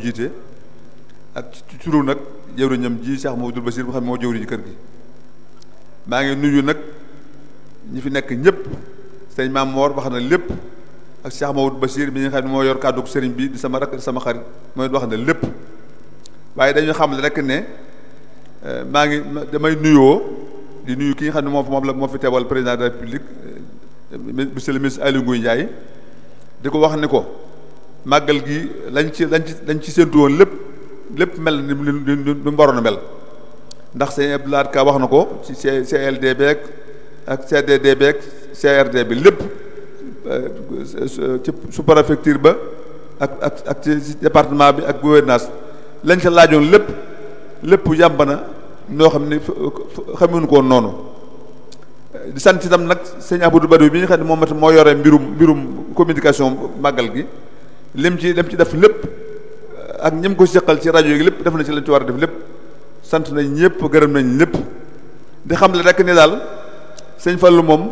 ko jiite ak ci turu nag jëwriñam ji Cheikh Mouhamadoul Bachir bu xam ne moo jëwriñu kër gi maa ngi nuyu nag ñi fi nekk ñëpp sëñ Maam Moor wax na lépp ak Cheikh Mouhamadoul Bachir mi nga xam ne moo yor kàddu sëriñ bi di sama xarit mooy wax na lépp waaye dañu xam ne rek ne euh, maa ngi damay nuyoo di nuyu ki nga xam ne moom moom la moo fi teewal président de la république euh, monsieur le ministre Aly Ngouille di ko wax ni ko màggal gi lañ ci lañ ci lañ ci séntu lépp lépp mel ni mu ni mu waroon ndax sëñ Abdou Ka wax na ko ci CLD beeg ak CDD CRD bi lépp euh, ci sous-préfecture ba ak ak ak ci département bi ak gouvernance lañ ca laajoon lépp lépp yàmb na ñoo xam ne xamuñu koon noonu di sant itam nag sëñ Abdou Badou bi nga xam ne moom moo yore mbirum mbirum communication màggal gi. lim ci dem ci def lépp ak ñim ko seqal ci rajo yi lépp def na ci lañ ci war a def lépp sant nañ ñëpp gërëm nañ lépp di xam le rek ni daal sëñ Fallou moom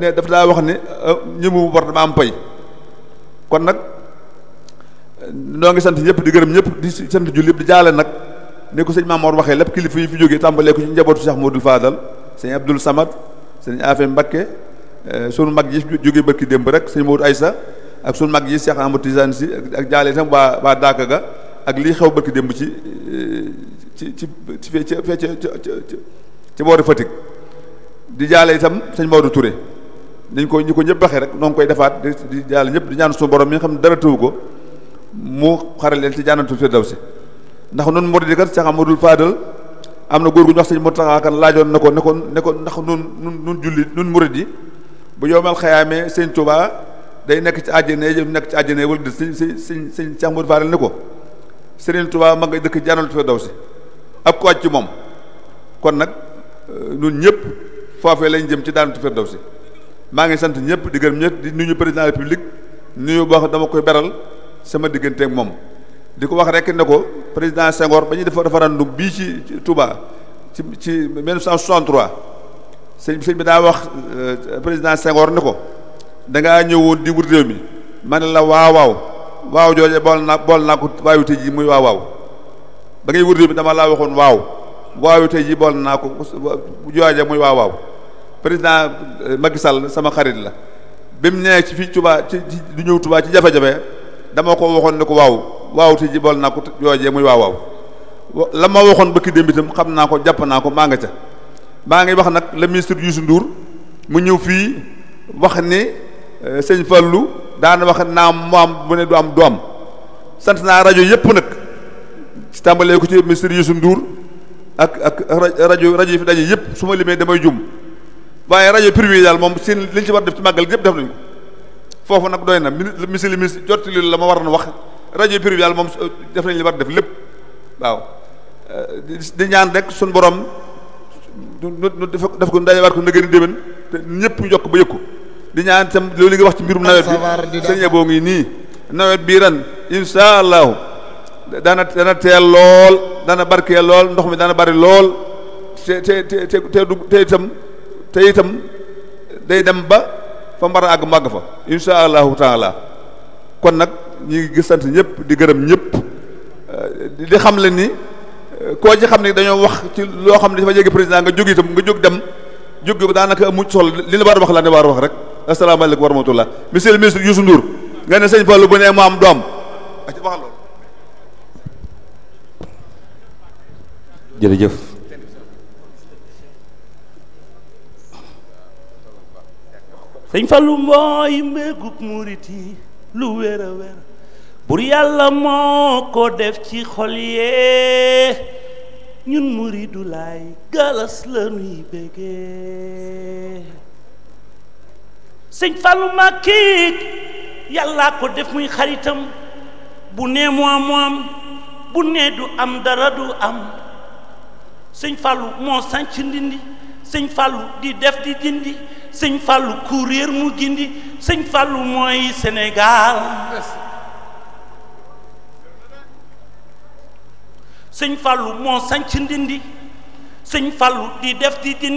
ne daf daa wax ni euh, ñi mu war dama am pay kon nag noo ngi sant ñëpp di gërëm ñëpp di sant jullit di jaale nag ni ko sëñ Maamoor waxee lépp kilifa yi fi jógee tàmbalee ko ci njabootu Cheikh Modou Fadal sëñ Abdoul Samad sëñ Afé Mbakke euh, sunu mag yi jógee barki démb rek sëñ Modou Aïssa ak suñ mag yi Cheikh Amadou Tidiane si ak jaale itam waa waa daaka ga ak lii xew barki démb ci ci ci ci fee ci ci boori Fatick di jaale itam sëñ Maodo ture dañ ko ñi ko ñëpp waxee rek noo ngi koy defaat di jaale ñëpp di ñaan suñu borom mi nga xam ne dara tëw ko mu xaral leen ci jaanantu si ndax noonu murid kat Cheikh Amadou Fadal am na góor gu ñu wax sëñ Mountakha Kan laajoon na ko ne ko ne ko ndax nun nun nun jullit nun murid yi bu yowmal xayaamee sëñ Tuubaa day nekk ci àjjana yi nekk ci àjjana yi wala di sëñ siñ siñ sëñ Cheikh Modou Fadel ni ko Serigne Touba ma ngay dëkk janal fa daw si ab moom kon nag euh, ñun ñëpp foofee lañ jëm ci daanatu fer daw si maa ngi sant ñëpp di gërëm ñëpp di nuyu président de la république nuyu boo xam dama koy beral sama digganteeg moom di ko wax rek ne ko président Senghor ba ñu ñuy def référendum bii ci Touba ci ci 1963 sëñ sëñ bi daa wax euh, président Senghor ni ko dangaa ñëwoon di wut réew mi ma la waaw waaw waaw jooje bool naa bool naa ko waayu tey ji muy waaw waaw ba ngay wut réew dama laa waxoon waaw waayu tey ji bool naa ko jooje muy waaw waaw président euh, Macky Sall sama xarit la bi mu nee ci fii Touba ci du ñëw Touba ci jafe-jafe dama ko waxoon ne ko waaw waaw tey ji bool na ko joojee muy waaw waaw la ma waxoon bëkki bi tam xam naa ko jàpp naa ko maa ngi ca maa ngi wax nag le ministre Youssou Ndour mu ñëw fii wax ni Euh, sëñ Fallou daana wax naam mu am bu ne du am du am sant naa rajo yëpp nag ci tàmbalee ko ci ministre Youssou Ndour ak ak rajo rajo yi fi daje yëpp su ma limee damay jum waaye rajo privé daal moom seen liñ ci war def ci màggal yëpp def nañu nag doy na monsieur le ministre jotti li la ma waroon wax rajo privé daal moom euh, def nañ li war def lépp waaw euh, di ñaan rek suñ borom nu def ko daje war ko ndëgëni déwén te ñëpp ñu jokk ba yëkku di ñaan tam loolu nga wax ci mbirum nawet bi sëñ boo ngi nii nawet bii ren insha allahu dana teel lool dana barkeel lool ndox mi dana bari lool te te te te te itam day dem ba fa mbar a àgg màgg fa insha allahu taala kon nag ñi ngi sant ñëpp di gërëm ñëpp di xam le ni koo ci xam ne dañoo wax ci loo xam ne dafa jege président nga jóg itam nga jóg dem jóg daanaka amuñ solo li la war wax laa ne war a wax rek asalaamaaleykum wa rahmatullah monsieur le ministre Youssou nga ne sëñ Fallou bu ne maam doom waxal loolu jërëjëf sëñ Fallou mooy mbéegub murit yi lu wér a wér bur yàlla moo ko def ci xol yee ñun muridu laay galas la nuy sëñ Fallou Mbacké yàllaa ko def muy xaritam bu nee mu am bu nee du am dara du am sëñ Fallou moo sanc ndindi sëñ Fallou def di dindi sëñ Fallou ku réer mu gindi sëñ Fallou mooy Sénégal sëñ Fallou moo sanc ndindi def di dindi